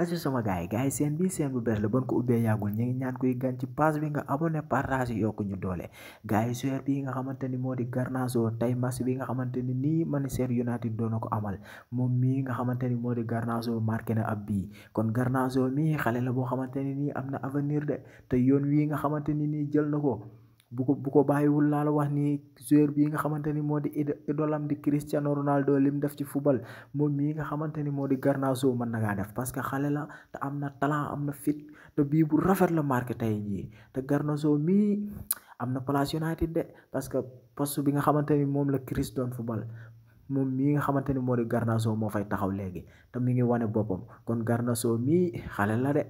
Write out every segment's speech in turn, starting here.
aco sama gars yi gars yi seen bii seen bu bees la bon ko a yàggul ñu ngi ñaan kuy gan ci pass bi nga abonné partage yokku ñu doole gars yi soer nga xamante ni moo di Garnacho tey match bi nga xamante ni nii Manchester United doona ko amal moom mii nga xamante ni moo di Garnacho marqué na ab bii kon Garnacho mii xale la boo xamante ni nii am na avenir de te yoon wii nga xamante ni nii jël na ko bu ko bu ko bàyyiwul laa la wax nii joueur bii nga xamante ni moo di idolam di Cristiano Ronaldo lim def ci football moom mii nga xamante ni moo di Garnacho mën na ngaa def que xale la te am na talent am na fit bii bu rafet la marqué tey jii te Garnacho mii am na place parce que poste bi nga xamante ni moom la Chris doon football moom mii nga xamante ni moo di Garnacho moo fay taxaw léegi te mi ngi wane boppam kon Garnacho mii xale la de.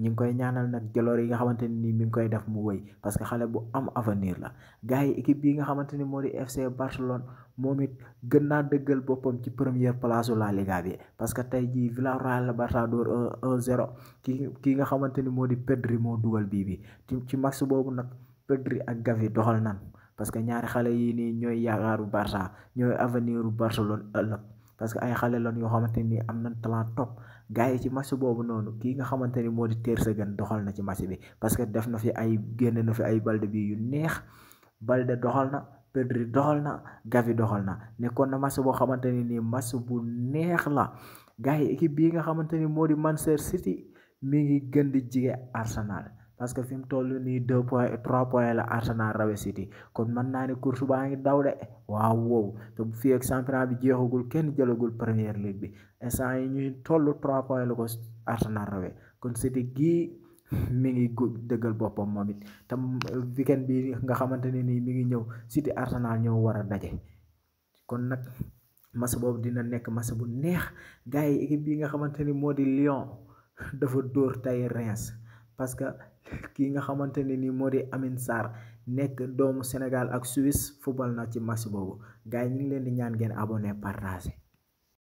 ñi ngi koy ñaanal nag jaloor yi nga xamante ni mi ngi koy def mu wëy parce que xale bu am avenir la gars yi équipe bii nga xamante ni moo di FC Barcelone moom it gën naa dëggal boppam ci première place u La Liga bi parce que tey jii Villarreal la Barça door 1-0 ki kii nga xamante ni moo di Pedri moo dugal bii bi ci max boobu nag Pedri ak gafi doxal nan parce que ñaari xale yi nii ñooy yaakaaru Barça ñooy avenir u Barcelone ëllëg parce que ay xale lan yoo xamante ni am na talent top gars yi ci match boobu noonu kii nga xamante ni moo di teer sa gën doxal na ci match bi parce que def na fi ay génn na fi ay balde bii yu neex balde doxal na Pedri doxal na Gavi doxal na nekkoon na match boo xamante ni nii match bu neex la gars yi bii nga xamante ni moo di Manchester City mi ngi gën di jige Arsenal parce que fi mu toll nii deux points trois points la Arsenal rawe City kon mën naa ne course baa ngi daw de waaw wow te bu fii ak championnat bi jeexagul kenn jëlagul première ligue bi instant yi ñuy toll trois points la ko Arsenal rawe kon City gii mi ngi dëggal boppam moom it te weekend bi nga xamante ne nii mi ngi ñëw City Arsenal ñëw war a daje kon nag match boobu dina nekk match bu neex gars yi bi nga xamante ni moo di Lyon dafa dóor tay Reims parce que kii nga xamante ne ni moo di Amine Sarr nekk doomu Sénégal ak Suisse football na ci match boobu gars yi ñu ngi leen di ñaan ngeen abonné partagé